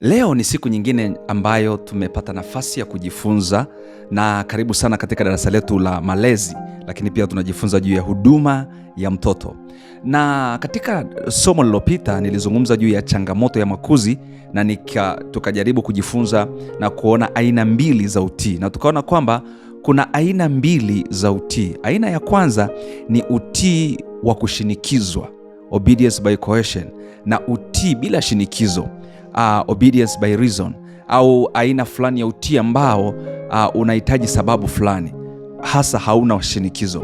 Leo ni siku nyingine ambayo tumepata nafasi ya kujifunza, na karibu sana katika darasa letu la malezi, lakini pia tunajifunza juu ya huduma ya mtoto. Na katika somo lililopita nilizungumza juu ya changamoto ya makuzi na nika, tukajaribu kujifunza na kuona aina mbili za utii, na tukaona kwamba kuna aina mbili za utii. Aina ya kwanza ni utii wa kushinikizwa, obedience by coercion, na utii bila shinikizo uh, obedience by reason au aina fulani ya utii ambao uh, unahitaji sababu fulani hasa hauna shinikizo.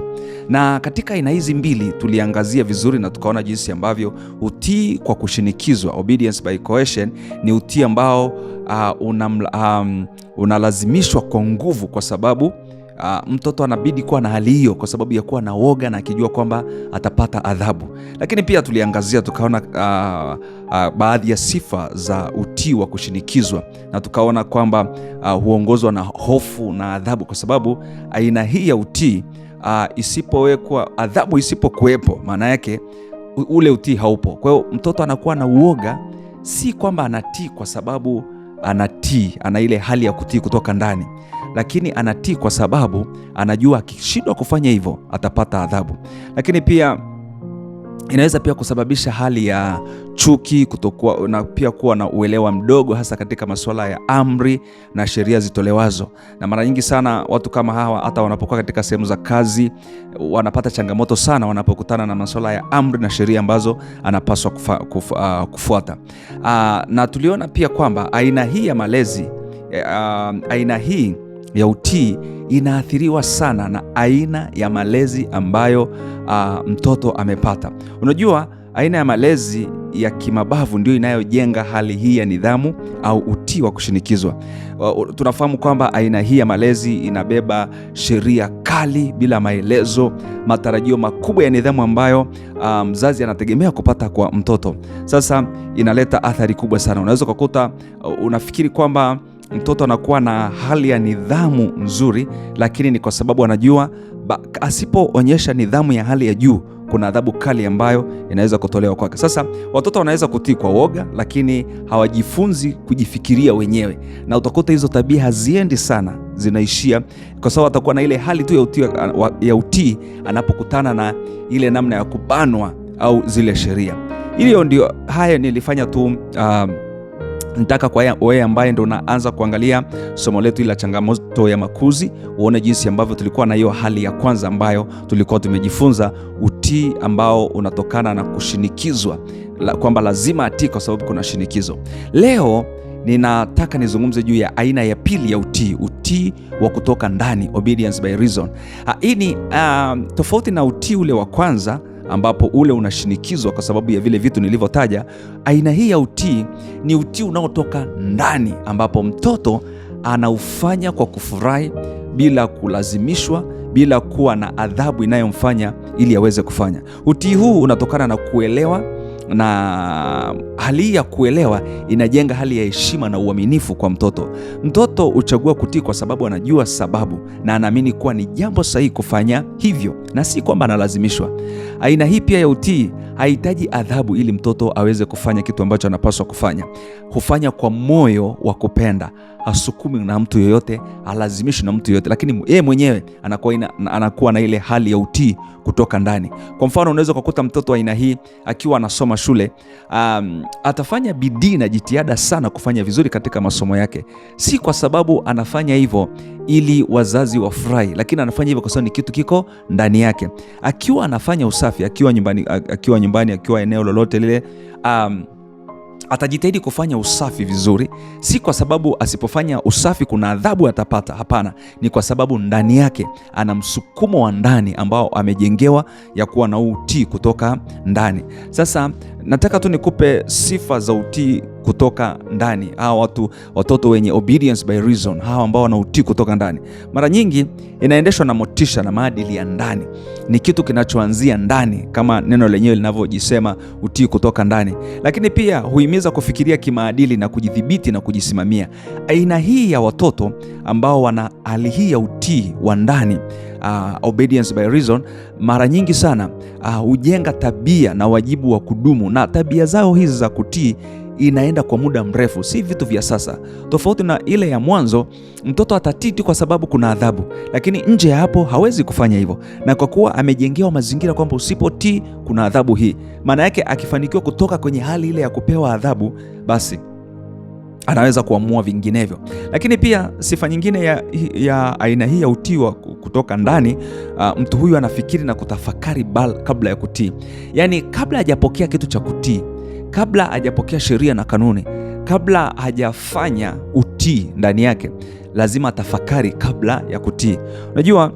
Na katika aina hizi mbili tuliangazia vizuri na tukaona jinsi ambavyo utii kwa kushinikizwa, obedience by coercion, ni utii ambao uh, unam, um, unalazimishwa kwa nguvu kwa sababu Uh, mtoto anabidi kuwa na hali hiyo kwa sababu ya kuwa na woga na akijua kwamba atapata adhabu. Lakini pia tuliangazia tukaona uh, uh, baadhi ya sifa za utii wa kushinikizwa na tukaona kwamba uh, huongozwa na hofu na adhabu, kwa sababu aina hii ya utii uh, isipowekwa adhabu, isipokuwepo, maana yake ule utii haupo. Kwa hiyo mtoto anakuwa na uoga, si kwamba anatii kwa sababu anatii, ana ile hali ya kutii kutoka ndani, lakini anatii kwa sababu anajua akishindwa kufanya hivyo atapata adhabu, lakini pia inaweza pia kusababisha hali ya chuki kutokuwa, na pia kuwa na uelewa mdogo hasa katika masuala ya amri na sheria zitolewazo. Na mara nyingi sana watu kama hawa hata wanapokuwa katika sehemu za kazi wanapata changamoto sana wanapokutana na masuala ya amri na sheria ambazo anapaswa kufa, kufu, uh, ah, kufuata. Uh, na tuliona pia kwamba aina hii ya malezi uh, aina hii ya utii inaathiriwa sana na aina ya malezi ambayo uh, mtoto amepata. Unajua, aina ya malezi ya kimabavu ndio inayojenga hali hii ya nidhamu au utii wa kushinikizwa. Ah, tunafahamu kwamba aina hii ya malezi inabeba sheria kali bila maelezo, matarajio makubwa ya nidhamu ambayo ah, mzazi um, anategemea kupata kwa mtoto. Sasa inaleta athari kubwa sana. Unaweza ukakuta unafikiri kwamba mtoto anakuwa na hali ya nidhamu nzuri, lakini ni kwa sababu anajua asipoonyesha nidhamu ya hali ya juu kuna adhabu kali ambayo inaweza kutolewa kwake. Sasa watoto wanaweza kutii kwa woga, lakini hawajifunzi kujifikiria wenyewe, na utakuta hizo tabia haziendi sana, zinaishia kwa sababu atakuwa na ile hali tu ya utii, ya utii anapokutana na ile namna ya kubanwa au zile sheria. Hiyo ndio haya nilifanya tu uh, Nataka kwa wewe ambaye ndo unaanza kuangalia somo letu la changamoto ya makuzi, uone jinsi ambavyo tulikuwa na hiyo hali ya kwanza ambayo tulikuwa tumejifunza, utii ambao unatokana na kushinikizwa, la, kwamba lazima atii kwa sababu kuna shinikizo. Leo ninataka nizungumze juu ya aina ya pili ya utii, utii wa kutoka ndani, obedience by reason. Hii ni ah, tofauti na utii ule wa kwanza ambapo ule unashinikizwa kwa sababu ya vile vitu nilivyotaja. Aina hii ya utii ni utii unaotoka ndani, ambapo mtoto anaufanya kwa kufurahi, bila kulazimishwa, bila kuwa na adhabu inayomfanya ili aweze kufanya. Utii huu unatokana na kuelewa na hali ya kuelewa inajenga hali ya heshima na uaminifu kwa mtoto. Mtoto huchagua kutii kwa sababu anajua sababu na anaamini kuwa ni jambo sahihi kufanya hivyo na si kwamba analazimishwa. Aina hii pia ya utii hahitaji adhabu ili mtoto aweze kufanya kitu ambacho anapaswa kufanya. Hufanya kwa moyo wa kupenda, hasukumi na mtu yoyote, alazimishwi na mtu yoyote, lakini yeye mwenyewe anakuwa, ina, anakuwa na ile hali ya utii kutoka ndani. Kwa mfano, unaweza ukakuta mtoto wa aina hii akiwa anasoma shule, um, atafanya bidii na jitihada sana kufanya vizuri katika masomo yake, si kwa sababu anafanya hivyo ili wazazi wafurahi, lakini anafanya hivyo kwa sababu ni kitu kiko ndani yake. Akiwa anafanya usafi, akiwa nyumbani, akiwa nyumbani, akiwa eneo lolote lile, um, atajitahidi kufanya usafi vizuri. Si kwa sababu asipofanya usafi kuna adhabu atapata, hapana. Ni kwa sababu ndani yake ana msukumo wa ndani ambao amejengewa ya kuwa na utii kutoka ndani. Sasa Nataka tu nikupe sifa za utii kutoka ndani. Hawa watu watoto wenye obedience by reason, hawa ambao wana utii kutoka ndani, mara nyingi inaendeshwa na motisha na maadili ya ndani. Ni kitu kinachoanzia ndani, kama neno lenyewe linavyojisema, utii kutoka ndani. Lakini pia huhimiza kufikiria kimaadili na kujidhibiti na kujisimamia. Aina hii ya watoto ambao wana hali hii ya utii wa ndani uh, obedience by reason, mara nyingi sana uh, hujenga uh, tabia na wajibu wa kudumu, na tabia zao hizi za kutii inaenda kwa muda mrefu, si vitu vya sasa, tofauti na ile ya mwanzo. Mtoto atatiti kwa sababu kuna adhabu, lakini nje ya hapo hawezi kufanya hivyo, na kwa kuwa amejengewa mazingira kwamba usipotii kuna adhabu hii, maana yake akifanikiwa kutoka kwenye hali ile ya kupewa adhabu, basi anaweza kuamua vinginevyo. Lakini pia sifa nyingine ya, ya aina hii ya utii wa kutoka ndani uh, mtu huyu anafikiri na kutafakari bal, kabla ya kutii, yaani kabla hajapokea kitu cha kutii, kabla hajapokea sheria na kanuni, kabla hajafanya utii ndani yake, lazima tafakari kabla ya kutii. Unajua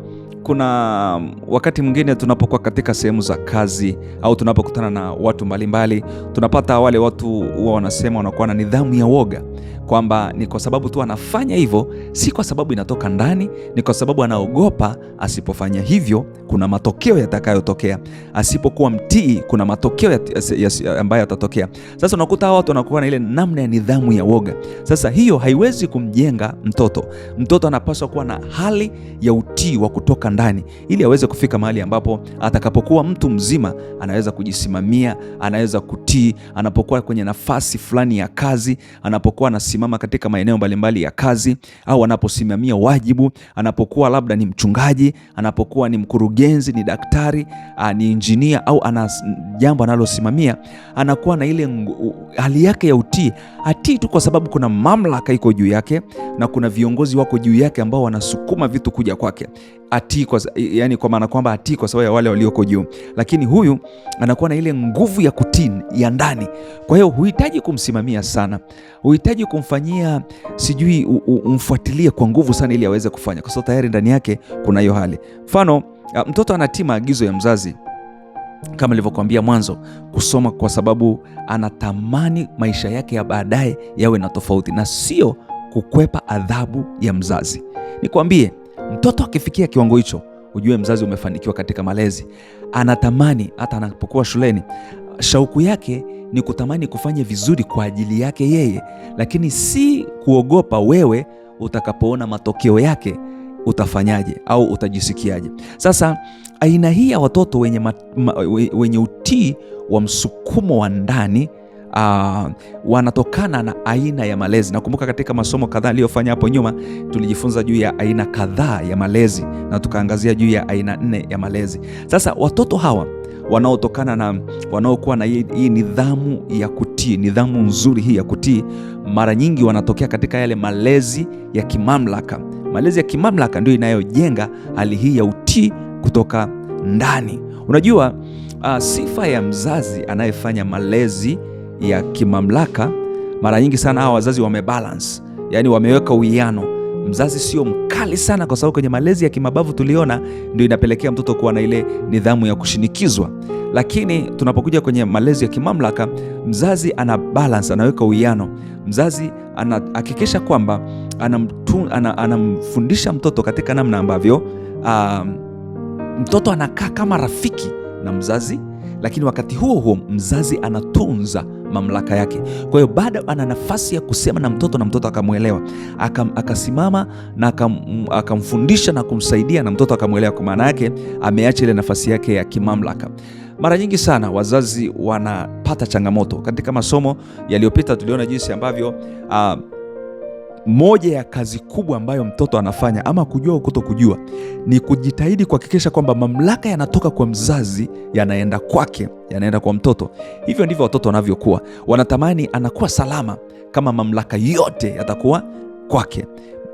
kuna wakati mwingine tunapokuwa katika sehemu za kazi au tunapokutana na watu mbalimbali, tunapata wale watu huwa wanasema wanakuwa na nidhamu ya woga kwamba ni kwa sababu tu anafanya hivyo, si kwa sababu inatoka ndani, ni kwa sababu anaogopa asipofanya hivyo kuna matokeo yatakayotokea, asipokuwa mtii kuna matokeo ambayo yatatokea. Sasa unakuta hawa watu wanakuwa na ile namna ya nidhamu ya woga. Sasa hiyo haiwezi kumjenga mtoto. Mtoto anapaswa kuwa na hali ya utii wa kutoka ndani, ili aweze kufika mahali ambapo atakapokuwa mtu mzima anaweza kujisimamia, anaweza kutii, anapokuwa kwenye nafasi fulani ya kazi, anapokuwa na anaposimama katika maeneo mbalimbali ya kazi au anaposimamia wajibu, anapokuwa labda ni mchungaji, anapokuwa ni mkurugenzi, ni daktari, ni injinia au ana jambo analosimamia, anakuwa na ile hali yake ya utii. Atii tu kwa sababu kuna mamlaka iko juu yake na kuna viongozi wako juu yake ambao wanasukuma vitu kuja kwake atii kwa, yani kwa maana kwamba atii kwa sababu ya wale walioko juu, lakini huyu anakuwa na ile nguvu ya kutii ya ndani. Kwa hiyo huhitaji kumsimamia sana, huhitaji kumfanyia sijui umfuatilie kwa nguvu sana ili aweze kufanya, kwa sababu tayari ndani yake kuna hiyo hali. Mfano, mtoto anatii maagizo ya mzazi kama nilivyokuambia mwanzo, kusoma kwa sababu anatamani maisha yake ya baadaye yawe na tofauti na sio kukwepa adhabu ya mzazi. Nikwambie Mtoto akifikia kiwango hicho, ujue mzazi umefanikiwa katika malezi. Anatamani hata anapokuwa shuleni, shauku yake ni kutamani kufanya vizuri kwa ajili yake yeye, lakini si kuogopa wewe utakapoona matokeo yake utafanyaje au utajisikiaje. Sasa aina hii ya watoto wenye, ma, ma, wenye utii wa msukumo wa ndani uh, wanatokana na aina ya malezi. Nakumbuka katika masomo kadhaa aliyofanya hapo nyuma tulijifunza juu ya aina kadhaa ya malezi na tukaangazia juu ya aina nne ya malezi. Sasa watoto hawa wanaotokana na wanaokuwa na hii, nidhamu ya kutii, nidhamu nzuri hii ya kutii, mara nyingi wanatokea katika yale malezi ya kimamlaka. Malezi ya kimamlaka ndio inayojenga hali hii ya utii kutoka ndani. Unajua uh, sifa ya mzazi anayefanya malezi ya kimamlaka, mara nyingi sana hawa wazazi wamebalance, yani wameweka uwiano. Mzazi sio mkali sana, kwa sababu kwenye malezi ya kimabavu tuliona ndio inapelekea mtoto kuwa na ile nidhamu ya kushinikizwa, lakini tunapokuja kwenye malezi ya kimamlaka, mzazi ana balance, anaweka uwiano. Mzazi anahakikisha kwamba anamfundisha ana, mtoto katika namna ambavyo um, mtoto anakaa kama rafiki na mzazi lakini wakati huo huo mzazi anatunza mamlaka yake. Kwa hiyo bado ana nafasi ya kusema na mtoto na mtoto akamwelewa, akasimama na akamfundisha na kumsaidia na mtoto akamwelewa. Kwa maana yake ameacha ile nafasi yake ya kimamlaka. Mara nyingi sana wazazi wanapata changamoto. Katika masomo yaliyopita tuliona jinsi ambavyo uh, moja ya kazi kubwa ambayo mtoto anafanya ama kujua au kujua ni kujitahidi kuhakikisha kwamba mamlaka yanatoka kwa mzazi yanaenda kwake, yanaenda kwa mtoto. Hivyo ndivyo watoto wanavyokuwa, wanatamani anakuwa salama kama mamlaka yote yatakuwa kwake.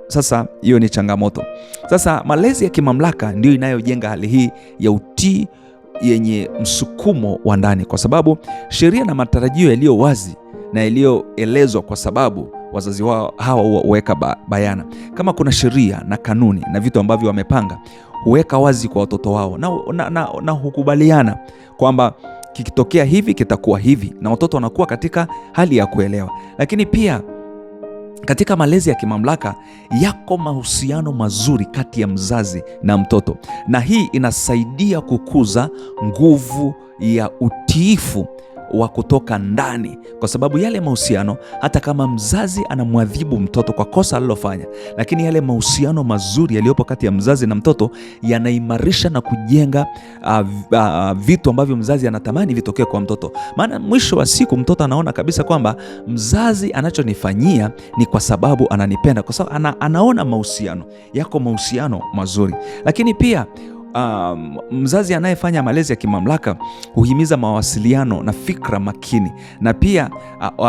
Sasa hiyo ni changamoto. Sasa malezi ya kimamlaka ndiyo inayojenga hali hii ya utii yenye msukumo wa ndani, kwa sababu sheria na matarajio yaliyo wazi na yaliyoelezwa, kwa sababu wazazi wao hawa huweka ba, bayana kama kuna sheria na kanuni na vitu ambavyo wamepanga huweka wazi kwa watoto wao na, na, na, na hukubaliana kwamba kikitokea hivi kitakuwa hivi, na watoto wanakuwa katika hali ya kuelewa. Lakini pia katika malezi ya kimamlaka yako mahusiano mazuri kati ya mzazi na mtoto, na hii inasaidia kukuza nguvu ya utiifu wa kutoka ndani, kwa sababu yale mahusiano, hata kama mzazi anamwadhibu mtoto kwa kosa alilofanya, lakini yale mahusiano mazuri yaliyopo kati ya mzazi na mtoto yanaimarisha na kujenga uh, uh, vitu ambavyo mzazi anatamani vitokee kwa mtoto. Maana mwisho wa siku mtoto anaona kabisa kwamba mzazi anachonifanyia ni kwa sababu ananipenda, kwa sababu ana, anaona mahusiano yako, mahusiano mazuri, lakini pia Um, mzazi anayefanya malezi ya kimamlaka huhimiza mawasiliano na fikra makini, na pia uh,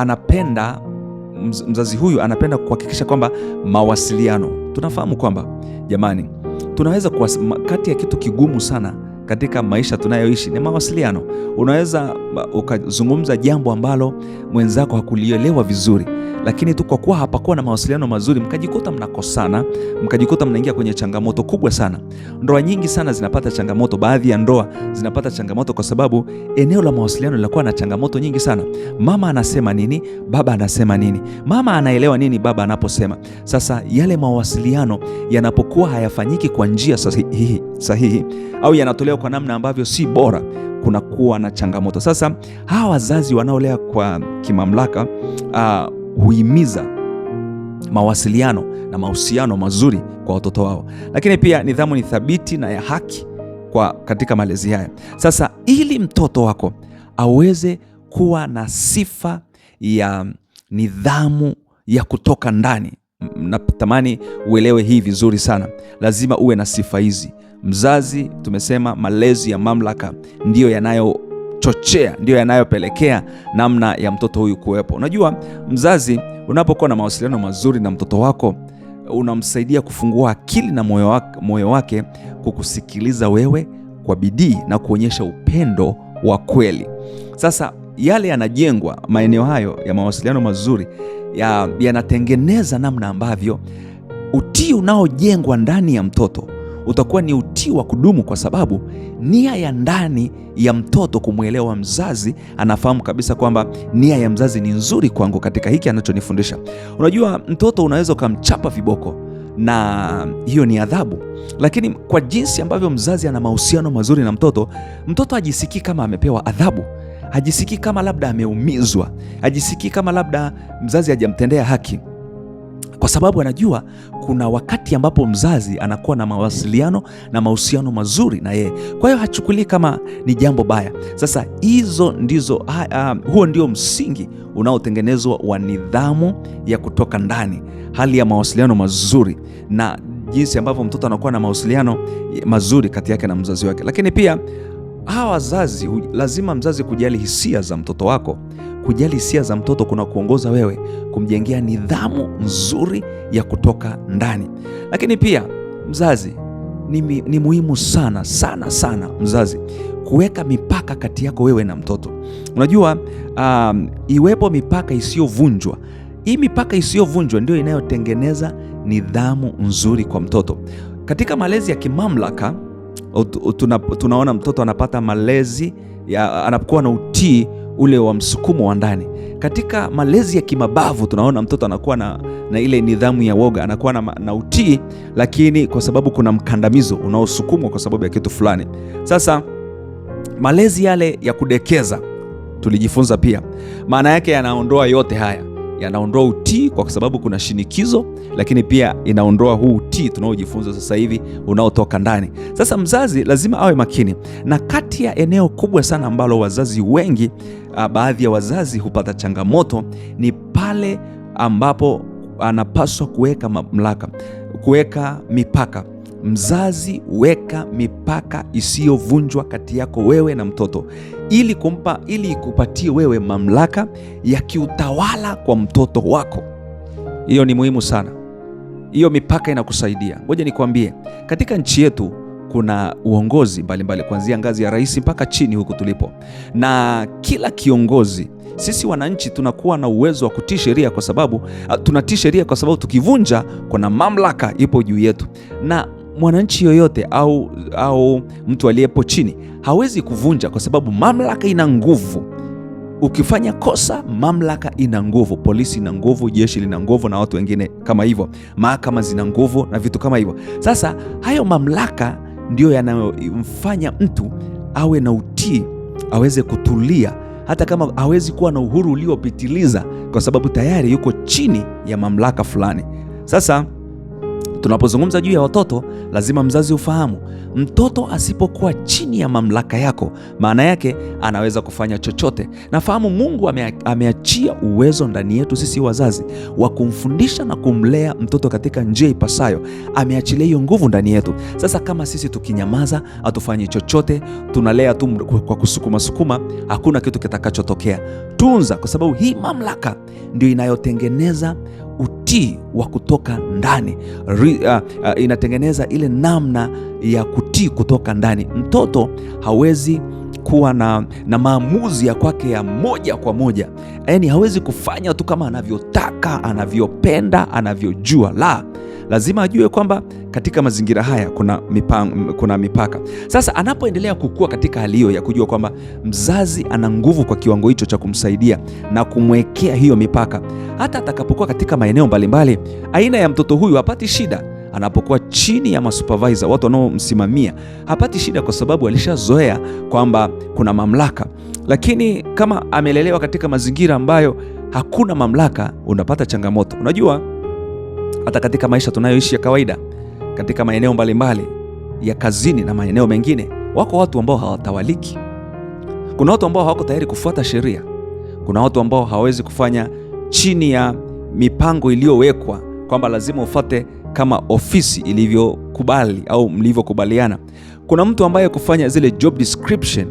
anapenda mzazi huyu anapenda kuhakikisha kwamba mawasiliano, tunafahamu kwamba jamani, tunaweza kati ya kitu kigumu sana katika maisha tunayoishi ni mawasiliano. Unaweza ukazungumza jambo ambalo mwenzako hakulielewa vizuri, lakini tu kwa kuwa hapakuwa na mawasiliano mazuri, mkajikuta mnakosana, mkajikuta mnaingia kwenye changamoto kubwa sana. Ndoa nyingi sana zinapata changamoto, baadhi ya ndoa zinapata changamoto kwa sababu eneo la mawasiliano linakuwa na changamoto nyingi sana. Mama anasema nini? Baba anasema nini? Mama anaelewa nini baba anaposema? Sasa yale mawasiliano yanapokuwa hayafanyiki kwa njia sahihi, sahihi au yanatolewa kwa namna ambavyo si bora, kuna kuwa na changamoto. Sasa hawa wazazi wanaolea kwa kimamlaka uh, ah, huimiza mawasiliano na mahusiano mazuri kwa watoto wao, lakini pia nidhamu ni thabiti na ya haki kwa katika malezi haya. Sasa ili mtoto wako aweze kuwa na sifa ya nidhamu ya kutoka ndani, natamani uelewe hii vizuri sana. Lazima uwe na sifa hizi. Mzazi tumesema malezi ya mamlaka ndiyo yanayochochea, ndiyo yanayopelekea namna ya mtoto huyu kuwepo. Unajua, mzazi unapokuwa na mawasiliano mazuri na mtoto wako unamsaidia kufungua akili na moyo wake, moyo wake kukusikiliza wewe kwa bidii na kuonyesha upendo wa kweli. Sasa yale yanajengwa maeneo hayo ya mawasiliano mazuri yanatengeneza ya namna ambavyo utii unaojengwa ndani ya mtoto utakuwa ni utii wa kudumu, kwa sababu nia ya ndani ya mtoto kumwelewa mzazi. Anafahamu kabisa kwamba nia ya mzazi ni nzuri kwangu katika hiki anachonifundisha. Unajua, mtoto unaweza ukamchapa viboko na hiyo ni adhabu, lakini kwa jinsi ambavyo mzazi ana mahusiano mazuri na mtoto, mtoto hajisikii kama amepewa adhabu hajisikii kama labda ameumizwa, hajisikii kama labda mzazi hajamtendea haki kwa sababu anajua kuna wakati ambapo mzazi anakuwa na mawasiliano na mahusiano mazuri na yeye, kwa hiyo hachukulii kama ni jambo baya. Sasa hizo ndizo ha, uh, ah, huo ndio msingi unaotengenezwa wa nidhamu ya kutoka ndani, hali ya mawasiliano mazuri na jinsi ambavyo mtoto anakuwa na mawasiliano mazuri kati yake na mzazi wake. Lakini pia hawa wazazi, lazima mzazi kujali hisia za mtoto wako Kujali hisia za mtoto kuna kuongoza wewe kumjengea nidhamu nzuri ya kutoka ndani. Lakini pia mzazi ni, ni muhimu sana sana sana mzazi kuweka mipaka kati yako wewe na mtoto. Unajua um, iwepo mipaka isiyovunjwa. Hii mipaka isiyovunjwa ndio inayotengeneza nidhamu nzuri kwa mtoto. Katika malezi ya kimamlaka tuna, tunaona mtoto anapata malezi ya, anakuwa na utii ule wa msukumo wa ndani. Katika malezi ya kimabavu tunaona mtoto anakuwa na, na ile nidhamu ya woga, anakuwa na, na utii, lakini kwa sababu kuna mkandamizo unaosukumwa kwa sababu ya kitu fulani. Sasa malezi yale ya kudekeza tulijifunza pia, maana yake yanaondoa yote haya yanaondoa utii kwa sababu kuna shinikizo, lakini pia inaondoa huu utii tunaojifunza sasa hivi unaotoka ndani. Sasa mzazi lazima awe makini, na kati ya eneo kubwa sana ambalo wazazi wengi, ah, baadhi ya wazazi hupata changamoto ni pale ambapo anapaswa kuweka mamlaka, kuweka mipaka mzazi, weka mipaka isiyovunjwa kati yako wewe na mtoto ili kumpa, ili ikupatie wewe mamlaka ya kiutawala kwa mtoto wako. Hiyo ni muhimu sana, hiyo mipaka inakusaidia. Ngoja nikwambie, katika nchi yetu kuna uongozi mbalimbali kuanzia ngazi ya rais mpaka chini huku tulipo, na kila kiongozi sisi wananchi tunakuwa na uwezo wa kutii sheria kwa sababu ah, tunatii sheria kwa sababu tukivunja, kuna mamlaka ipo juu yetu, na mwananchi yoyote au, au mtu aliyepo chini hawezi kuvunja, kwa sababu mamlaka ina nguvu. Ukifanya kosa, mamlaka ina nguvu, polisi ina nguvu, jeshi lina nguvu, na watu wengine kama hivyo, mahakama zina nguvu na vitu kama hivyo. Sasa hayo mamlaka ndiyo yanayomfanya mtu awe na utii, aweze kutulia, hata kama hawezi kuwa na uhuru uliopitiliza, kwa sababu tayari yuko chini ya mamlaka fulani. Sasa Tunapozungumza juu ya watoto, lazima mzazi ufahamu, mtoto asipokuwa chini ya mamlaka yako, maana yake anaweza kufanya chochote. Nafahamu Mungu ameachia uwezo ndani yetu sisi wazazi wa kumfundisha na kumlea mtoto katika njia ipasayo. Ameachilia hiyo nguvu ndani yetu. Sasa kama sisi tukinyamaza, hatufanyi chochote, tunalea tu kwa kusukuma sukuma, hakuna kitu kitakachotokea. Tunza, kwa sababu hii mamlaka ndio inayotengeneza utii wa kutoka ndani. Re, uh, uh, inatengeneza ile namna ya kutii kutoka ndani. Mtoto hawezi kuwa na, na maamuzi ya kwake ya moja kwa moja, yaani hawezi kufanya tu kama anavyotaka, anavyopenda, anavyojua la lazima ajue kwamba katika mazingira haya kuna, mipang, kuna mipaka. Sasa anapoendelea kukua katika hali hiyo ya kujua kwamba mzazi ana nguvu kwa kiwango hicho cha kumsaidia na kumwekea hiyo mipaka, hata atakapokuwa katika maeneo mbalimbali, aina ya mtoto huyu hapati shida anapokuwa chini ya masupervisor, watu wanaomsimamia, hapati shida kwa sababu alishazoea kwamba kuna mamlaka. Lakini kama amelelewa katika mazingira ambayo hakuna mamlaka, unapata changamoto. Unajua hata katika maisha tunayoishi ya kawaida, katika maeneo mbalimbali ya kazini na maeneo mengine, wako watu ambao hawatawaliki. Kuna watu ambao hawako tayari kufuata sheria. Kuna watu ambao hawawezi kufanya chini ya mipango iliyowekwa kwamba lazima ufate kama ofisi ilivyokubali au mlivyokubaliana. Kuna mtu ambaye kufanya zile job description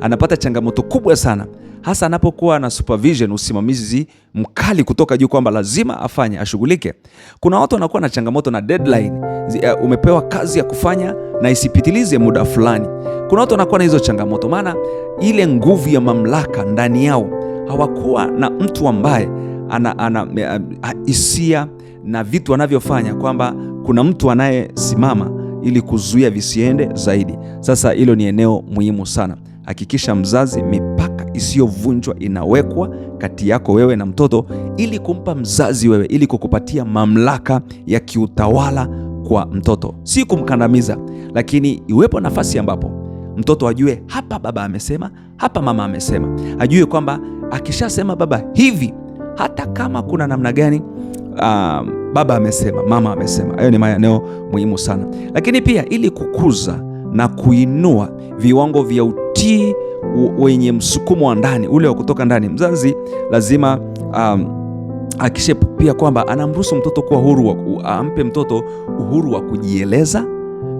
anapata changamoto kubwa sana hasa anapokuwa na supervision, usimamizi mkali kutoka juu kwamba lazima afanye, ashughulike. Kuna watu wanakuwa na changamoto na deadline, eh, umepewa kazi ya kufanya na isipitilize muda fulani. Kuna watu wanakuwa na hizo changamoto, maana ile nguvu ya mamlaka ndani yao, hawakuwa na mtu ambaye ana, ana, eh, eh, hisia na vitu wanavyofanya kwamba kuna mtu anayesimama ili kuzuia visiende zaidi. Sasa hilo ni eneo muhimu sana. Hakikisha mzazi mipaka isiyovunjwa inawekwa kati yako wewe na mtoto, ili kumpa mzazi wewe, ili kukupatia mamlaka ya kiutawala kwa mtoto, si kumkandamiza, lakini iwepo nafasi ambapo mtoto ajue hapa baba amesema, hapa mama amesema, ajue kwamba akishasema baba hivi, hata kama kuna namna gani Uh, baba amesema, mama amesema. Hayo ni maeneo muhimu sana, lakini pia ili kukuza na kuinua viwango vya utii wenye msukumo wa ndani ule wa kutoka ndani. Mzazi lazima um, akishe pia kwamba anamruhusu mtoto kuwa huru, ampe mtoto uhuru wa kujieleza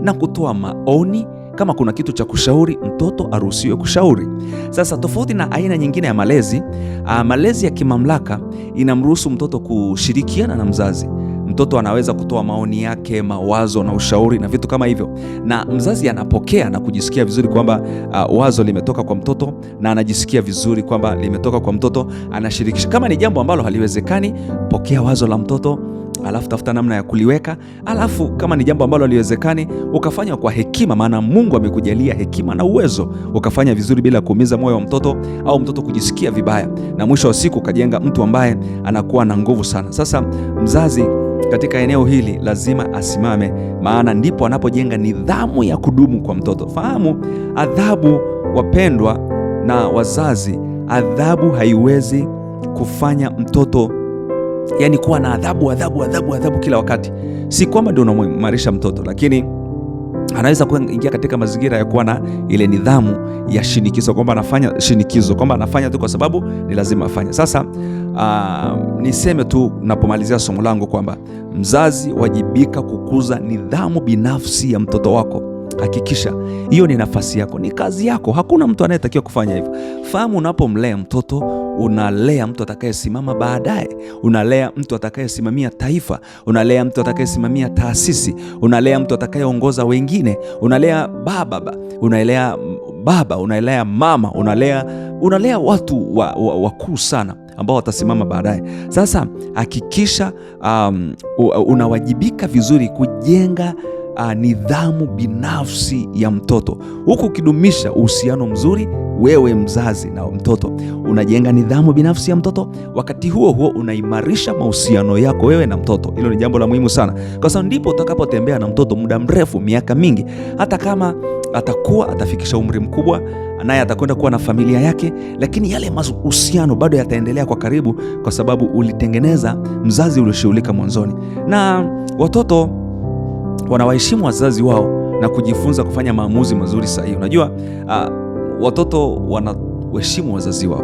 na kutoa maoni. Kama kuna kitu cha kushauri, mtoto aruhusiwe kushauri. Sasa tofauti na aina nyingine ya malezi, uh, malezi ya kimamlaka inamruhusu mtoto kushirikiana na mzazi mtoto anaweza kutoa maoni yake, mawazo na ushauri na vitu kama hivyo, na mzazi anapokea na kujisikia vizuri kwamba uh, wazo limetoka kwa mtoto na anajisikia vizuri kwamba limetoka kwa mtoto, anashirikisha. Kama ni jambo ambalo haliwezekani, pokea wazo la mtoto alafu tafuta namna ya kuliweka. Alafu kama ni jambo ambalo haliwezekani, ukafanya kwa hekima, maana Mungu amekujalia hekima na uwezo, ukafanya vizuri bila kuumiza moyo wa mtoto au mtoto kujisikia vibaya, na mwisho wa siku ukajenga mtu ambaye anakuwa na nguvu sana. Sasa mzazi katika eneo hili lazima asimame, maana ndipo anapojenga nidhamu ya kudumu kwa mtoto. Fahamu adhabu, wapendwa na wazazi, adhabu haiwezi kufanya mtoto yani kuwa na adhabu adhabu adhabu adhabu kila wakati. Si kwamba ndio unamwimarisha mtoto, lakini anaweza kuingia katika mazingira ya kuwa na ile nidhamu ya shinikizo, kwamba anafanya shinikizo, kwamba anafanya tu kwa sababu ni lazima afanye. Sasa uh, niseme tu napomalizia somo langu kwamba mzazi wajibika kukuza nidhamu binafsi ya mtoto wako. Hakikisha hiyo ni nafasi yako, ni kazi yako. Hakuna mtu anayetakiwa kufanya hivyo. Fahamu, unapomlea mtoto unalea mtu atakayesimama baadaye, unalea mtu atakayesimamia taifa, unalea mtu atakayesimamia taasisi, unalea mtu atakayeongoza wengine, unalea baba unalea baba, unalea mama, unalea, unalea watu wakuu wa, wa sana ambao watasimama baadaye. Sasa hakikisha um, unawajibika vizuri kujenga uh, nidhamu binafsi ya mtoto, huku ukidumisha uhusiano mzuri wewe mzazi na mtoto unajenga nidhamu binafsi ya mtoto, wakati huo huo unaimarisha mahusiano yako wewe na mtoto. Hilo ni jambo la muhimu sana, kwa sababu ndipo utakapotembea na mtoto muda mrefu, miaka mingi, hata kama atakuwa atafikisha umri mkubwa, naye atakwenda kuwa na familia yake, lakini yale mahusiano bado yataendelea kwa karibu, kwa sababu ulitengeneza mzazi ulioshughulika mwanzoni na watoto wanawaheshimu wazazi wao na kujifunza kufanya maamuzi mazuri sahihi. Unajua uh, watoto wanaheshimu wazazi wao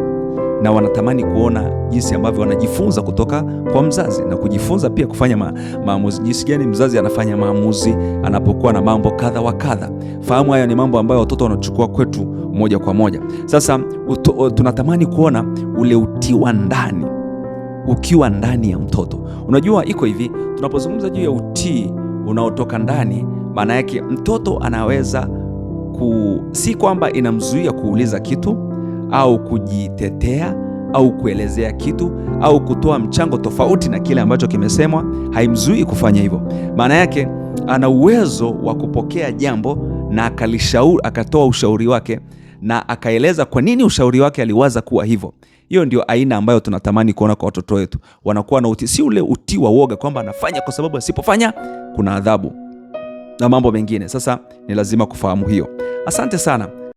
na wanatamani kuona jinsi ambavyo wanajifunza kutoka kwa mzazi na kujifunza pia kufanya ma maamuzi, jinsi gani mzazi anafanya maamuzi anapokuwa na mambo kadha wa kadha. Fahamu hayo ni mambo ambayo watoto wanachukua kwetu moja kwa moja. Sasa uto, tunatamani kuona ule utii wa ndani ukiwa ndani ya mtoto. Unajua iko hivi, tunapozungumza juu ya utii unaotoka ndani, maana yake mtoto anaweza ku, si kwamba inamzuia kuuliza kitu au kujitetea au kuelezea kitu au kutoa mchango tofauti na kile ambacho kimesemwa, haimzuii kufanya hivyo. Maana yake ana uwezo wa kupokea jambo na akalishauri, akatoa ushauri wake na akaeleza kwa nini ushauri wake aliwaza kuwa hivyo. Hiyo ndio aina ambayo tunatamani kuona kwa watoto wetu, wanakuwa na uti, si ule uti wa woga kwamba anafanya kwa sababu asipofanya kuna adhabu na mambo mengine. Sasa ni lazima kufahamu hiyo. Asante sana.